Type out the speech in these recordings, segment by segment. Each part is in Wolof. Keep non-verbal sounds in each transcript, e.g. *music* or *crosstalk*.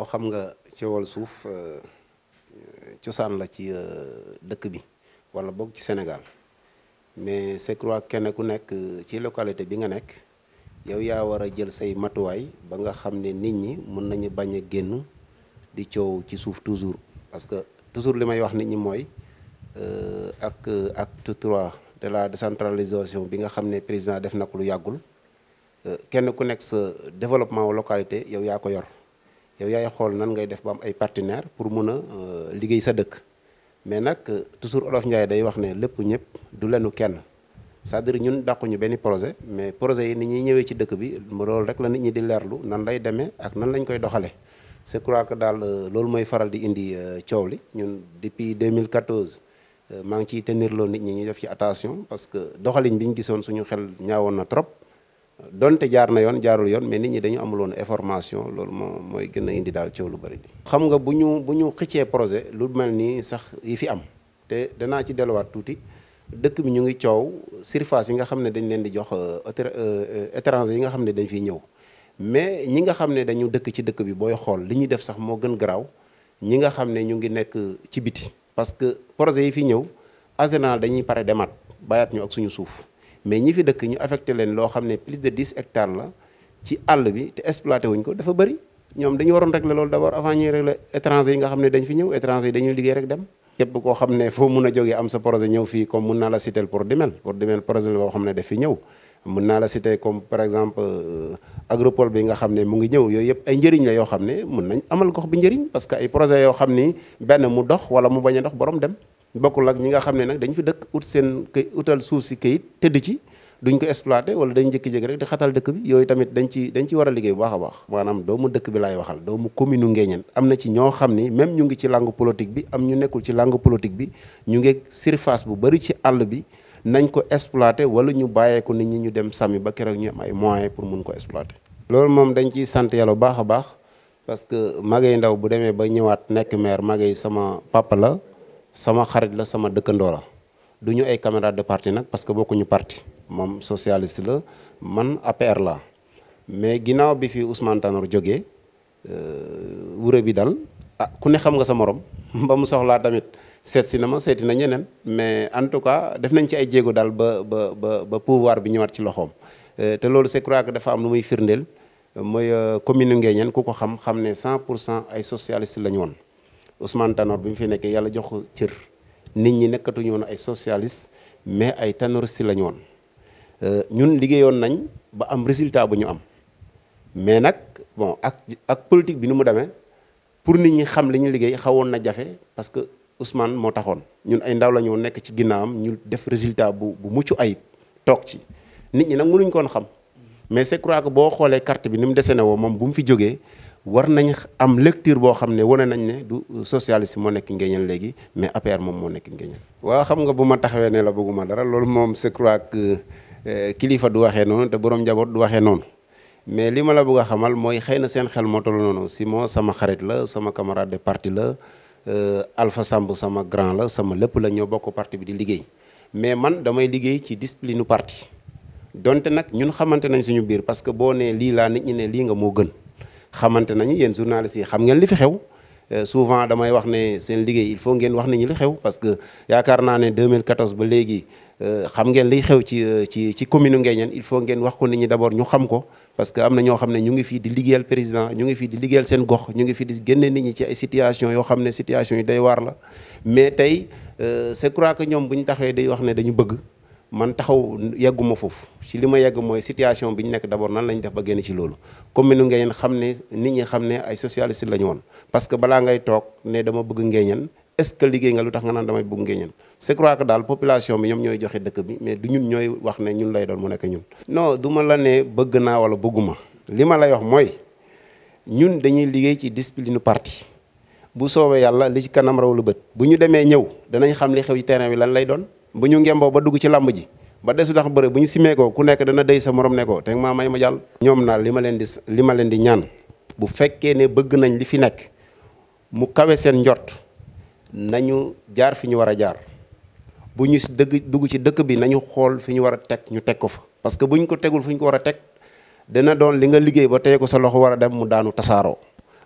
waaw xam nga cewal suuf euh, cosaan la ci euh, dëkk bi wala boog ci Sénégal mais c'est crois kenn ku nekk euh, ci localité bi nga nekk yow yaa war a jël say matuwaay ba nga xam ne nit ñi mën nañu bañ a génn di coow ci suuf toujours parce que toujours li may wax nit ñi mooy ak acte trois de la décentralisation bi nga xam ne président def na ko lu yàggul kenn ku nekk sa développement localité yow yaa ko yor yow yaay xool nan ngay def ba am ay partenaire pour mun a euh, liggéey sa dëkk mais nag euh, toujours Olof Ndiaye day wax ne lépp ñëpp du lenu kenn c'est-à-dire ñun dàquñu benn projet mais projet yi ni ñuy ñëwee ci dëkk bi loolu rek la nit ñi di leerlu nan lay deme ak nan lañ koy doxalee je crois que daal euh, loolu mooy faral di indi coow li ñun depuis 2014 maa ngi ciy tenir loo nit ñi ñu def ci attention parce que doxalin bi ñu gisoon suñu xel ñaawoon na trop donte jaar na yoon jaarul yoon mais nit ñi dañu amuloon information loolu moo mooy gën a indi daal coow lu bëri. xam nga bu ñu bu ñu xëccee projet lu mel nii sax yi fi am te danaa ci delluwaat tuuti dëkk bi ñu ngi coow surface yi nga xam ne dañ leen di jox euh, euh, euh, étranger yi nga xam ne dañ fiy ñëw mais ñi nga xam ne dañu dëkk ci dëkk bi booy xool li ñuy def sax moo gën garaaw ñi nga xam ne ñu ngi nekk ci biti. parce que projet yi fi ñëw en dañuy pare demaat bàyyaat ñu ak suñu suuf. mais ñi fi dëkk ñu affecté leen lo xamné plus de 10 hectares la ci all bi te exploité wuñ ko dafa bari ñom dañu waron régler lool d'abord avant ñuy régler étranger yi nga xamné dañ fi ñëw étranger yi liggéey rek dem képp ko xamné fo mëna joggé am sa projet ñëw fii comme mëna la citer pour dimel pour dimel projet bo xamné xam fi ñëw mëna la citer comme par exemple euh, agropole bi nga xamné mu ngi ñëw yoy yëpp ay njëriñ la yo xamné mëna amal gox bi njëriñ parce que ay projet yo xamné ben mu dox wala mu baña dox borom dem bokkul ak ñi nga xam ne nag dañ fi dëkk ut seen utal suuf si këyit tëdd ci duñ ko exploite wala dañ jékki-jékki rek di xatal dëkk bi yooyu tamit dañ ci dañ ci war a liggéey bu baax a baax maanaam doomu dëkk bi laay waxal doomu commune Nguéniène am na ci ñoo xam ni même ñu ngi ci langue politique bi am ñu nekkul ci langue politique bi ñu ngi surface bu bari ci àll bi nañ ko exploité wala ñu bàyyeeku ko nit ñi ñu dem sami ba keroog ñu am ay moyens pour mun ko exploité loolu moom dañ ciy sant yàlla bu baax a baax parce que Maguette Ndao bu demee ba ñëwaat nekk maire Maguette sama papa sama xarit la sama dëkkandoo la du ñu ay camarades de parti nag parce que ñu parti moom socialiste la man APR la mais ginnaaw bi fi Ousmane Tanor jógee euh, wure bi dal ah ku ne xam nga sa morom *laughs* ba mu soxlaa tamit seet si na ma seeti na ñeneen mais en tout cas def nañ ci ay jéego daal ba ba ba ba pouvoir bi ñëwaat ci loxoom euh, te loolu c'est crois que dafa am lu muy firndeel mooy euh, commune Nguéniène ku ko xam xam ne cent pour cent ay socialiste la ñu woon Ousmane Tanor bi mu fi nekkee yàlla jox ko cër nit ñi nekkatuñu woon ay socialiste mais ay tanoriste lañu woon euh, ñun liggéeyoon nañ ba am résultat bu ñu am mais nag bon ak ak politique bi nu mu demee pour nit ñi xam li ñu liggéey xawoon na jafe parce que Ousmane moo taxoon ñun ay ndaw la ñu nekk ci ginnaawam ñu def résultat bu bu mucc ayib toog ci nit ñi nag mënuñ koon xam mais c'est crois que boo xoolee carte bi ni mu ne woo moom bu mu fi jógee. war nañ am lecture bo xamné ne nañ né du socialiste mo nek ngéñal légui mais APR mom mo nek ngéñal wa xam nga buma taxawé né ne la bëgguma dara lool mom c'est crois que euh, kilifa du waxé non té borom jabot du waxé non mais lima la bëgg xamal moy xeyna seen xel sama xarit la sama camarade de parti la euh, Alpha sambu sama grand la sama lepp la ñoo bokk parti bi di liggéey mais man damay liggéey ci discipline parti donte nak ñun xamanté nañ suñu biir parce que bo né li la nit ñi ne li nga mo gën xamanté nañu yeen journalistes yi xam ngeen li fi xew euh, souvent damay wax né seen liggéey il faut ngeen wax nañu li xew parce que yakarna né 2014 ba légui euh, xam ngeen li xew ci euh, ci ci commune Nguéniène il faut ngeen wax ko nit ñi d'abord ñu xam ko parce que amna ño xamné ñu ngi fi di liggéeyal président ñu ngi fi di liggéeyal seen gox ñu ngi fi di génne nit ñi ci ay situation yo xamné situation yi day war la mais tay c'est croire que ñom buñ taxé day wax né dañu bëgg man taxaw yegguma foofu ci li ma yegg mooy situation bi ñu nekk d'abord nan lañ def ba génn ci loolu commune Nguéniène xam ne nit ñi xam ne ay socialiste la ñu woon parce que balaa ngay toog ne dama bëgg Nguéniène est-ce que liggéey nga lu tax nga naan damay bëgg Nguéniène c'est crois que daal population bi ñoom ñooy joxe dëkk bi mais du ñun ñooy wax ne ñun lay doon mu nekk ñun non du ma la ne bëgg naa wala bëgguma li ma lay wax mooy ñun dañuy liggéey ci discipline parti bu soobee yàlla li ci kanam raw lu bët bu ñu demee ñëw danañ xam li xew ci terrain bi lan lay doon bu ñu ngemboo ba dugg ci làmb ji ba desu tax bëre bu ñu simee ko ku nekk dana dey sa morom ne ko te maa may ma jàll. ñoom naa li ma leen di li ma leen di ñaan bu fekkee ne bëgg nañ li fi nekk mu kawe seen njot nañu jaar fi ñu war a jaar bu ñu si dëgg dugg ci dëkk bi nañu xool fi ñu war a teg ñu teg ko fa. parce que bu ñu ko tegul fu ñu ko war a teg dana doon li nga liggéey ba tey ko sa loxo war a dem mu daanu tasaaroo.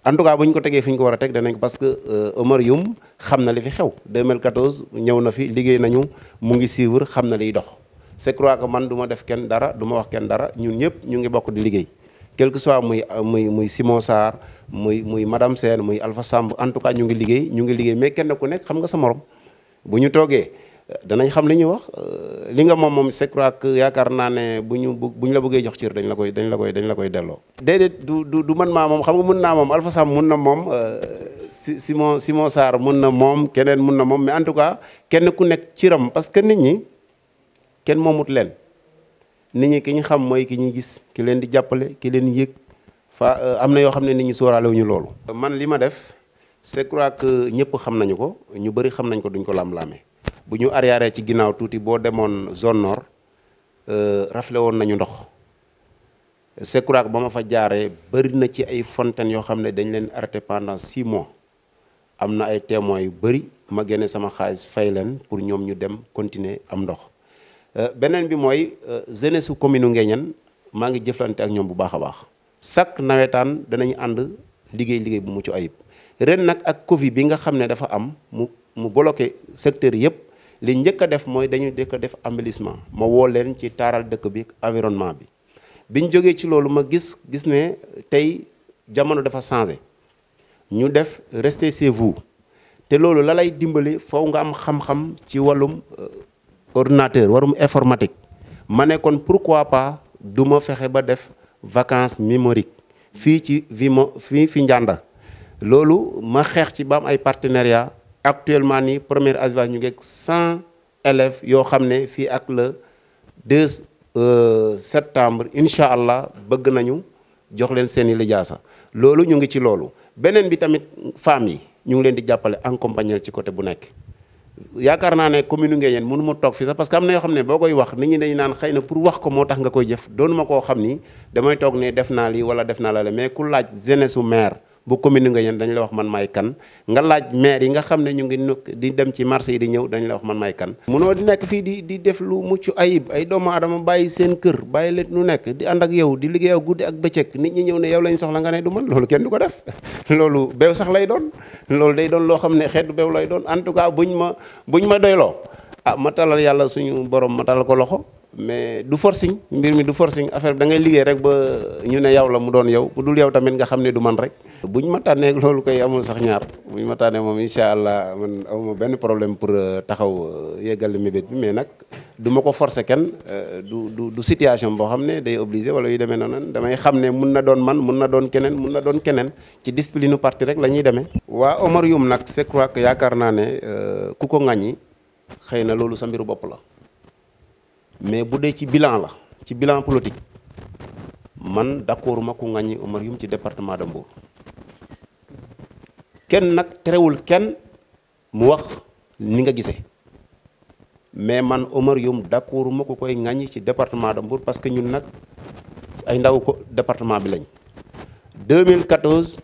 en tout cas bu ñu ko tegee fi ñu ko war a teg danañ ko parce que euh, Omar Youm xam na li fi xew 2014 ñëw na fi liggéey nañu mu ngi suivre xam na liy dox c'est crois que man duma def kenn dara duma wax kenn dara ñun ñëpp ñu ngi bokk di liggéey quel que soit muy euh, muy muy Simon Sarr muy muy madame Sène muy Alpha Samb en tout cas ñu ngi liggéey ñu ngi liggéey mais kenn ku nekk xam nga sa morom bu ñu toogee danañ xam li ñuy wax euh, li nga mom mom c'est croix que yaakaar naa ne bu ñu la bëggé jox ciir dañ la koy dañ la koy dañ la koy delloo. déedéet du du du man ma mom xam nga mun na mom Alpha Sam mun na mom euh, si Simon Simon sar mun na mom keneen mun na mom mais en tout cas kenn ku nek ciiram parce que nit ñi kenn momut len nit ñi ki xam moy ki gis ki len di jappalé ki len yëg fa euh, am amna yoo xam nit ñi sóoraale wuñu man lima def c'est croix que ñepp xam nañu ko ñu bari xam nañ ko duñ ko lam lamé bu ñu arrière ci ginnaaw tuuti boo demoon zone nord euh, rafle woon nañu ndox Sekuraak ba ma fa jaaree bëri na ci ay fontaine yoo xam ne dañ leen arrêté pendant six mois am na ay témoins yu bëri ma génne sama xaalis fay leen pour ñoom ñu dem continuer am ndox euh, beneen bi mooy euh, jeunesse su commune Nguéniène maa ngi jëflante ak ñoom bu baax a baax chaque nawetaan danañu ànd liggéey liggéey bu mucc ayib ren nag ak Covid bi nga xam ne dafa am mu mu bloqué secteur yëpp li njëkk a def mooy dañu njëkk a def embellissement ma woo leen ci taaral dëkk bi environnement bi biñ jógee ci loolu ma gis gis ne tey jamono dafa changé ñu def restez chez vous te loolu la lay dimbali fow nga am xam-xam ci wàllum euh, ordinateur warum informatique ma ne kon pourquoi pas du ma fexe ba def vacance mémoriques fii ci vi mo fii fi Ndianda loolu ma xeex ci ba am ay partenariat actuellement nii première asbach ñu ngi ak cent élèves yoo xam ne fii ak le deux euh, septembre incha allah bëgg nañu jox leen seen i lijaasa loolu ñu ngi ci loolu beneen bi tamit femmes yi ñu ngi leen di jàppale accompagner ci côté bu nekk yaakaar naa ne commune Nguéniène mënu ma toog fi sax parce am na yoo xam ne boo koy wax nit ñi dañu naan xëy na pour wax ko moo tax nga koy jëf doonu ma koo xam ni damay toog ne def naa lii wala def naa la mais ku laaj jeunesse su maire bu commune nga ñen dañ la wax man may kan nga laaj maire yi nga xamne ñu ngi di dem ci marché yi di ñew dañ la wax man may kan mëno di nek fi di di def lu muccu ayib ay doomu aadama bayyi seen kër bayyi leen nu nek di and ak yow di liggéey guddé ak bëccëg nit ñi ñew ne yow lañ soxla nga ne du man loolu kenn duko def *laughs* loolu beew sax lay doon loolu day doon lo xamne ne xeetu beew lay doon en tout cas buñ ma buñ ma doylo ah ma talal yalla suñu borom ma talal ko loxo mais du forcing mbir mi du forcing affaire da ngay liggéey rek ba ñu ne yow la mu doon yow bu dul yow tamit nga xamne du man rek buñ ma tànnee lolou koy amul sax ñaar buñ ma tané mom inshallah man amuma ben problème pour euh, taxaw euh, yeggale mébét bi mais nak du ko forcer ken euh, du du du situation bo xamné ne day obligé wala yu démé nonan damay xamné ne mun na doon man mun na doon kenen mun na doon kenen ci discipline parti rek la démé wa Omar yum nak c'est quoi que yakarna né ne ku ko ŋaññi sa mbiru bop la mais bu ci bilan la ci bilan politique man d'accord ma ku ŋaññi Omar yum ci département de Mbour. kenn nag terewul kenn mu wax ni nga gisee mais man Omar Youm d'accord ma ko koy ŋaññi ci département de Mbour parce que ñun nag ay ndaw ko département bi lañ 2014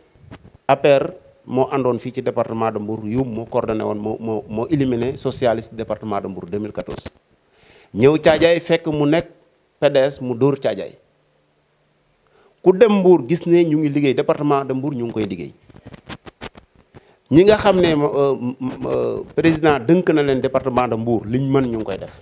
APR moo àndoon fii ci département de Mbour Youm moo coordonné woon moo moo moo éliminé socialiste département de Mbour 2014 ñëw Caajaay fekk mu nekk PDS mu dóor Caajaay ku dem Mbour gis ne ñu ngi liggéey département de mbur ñu ngi koy liggéey ñi nga xam ne euh, euh, président dënk na leen département de li ñu mën ñu ngi koy def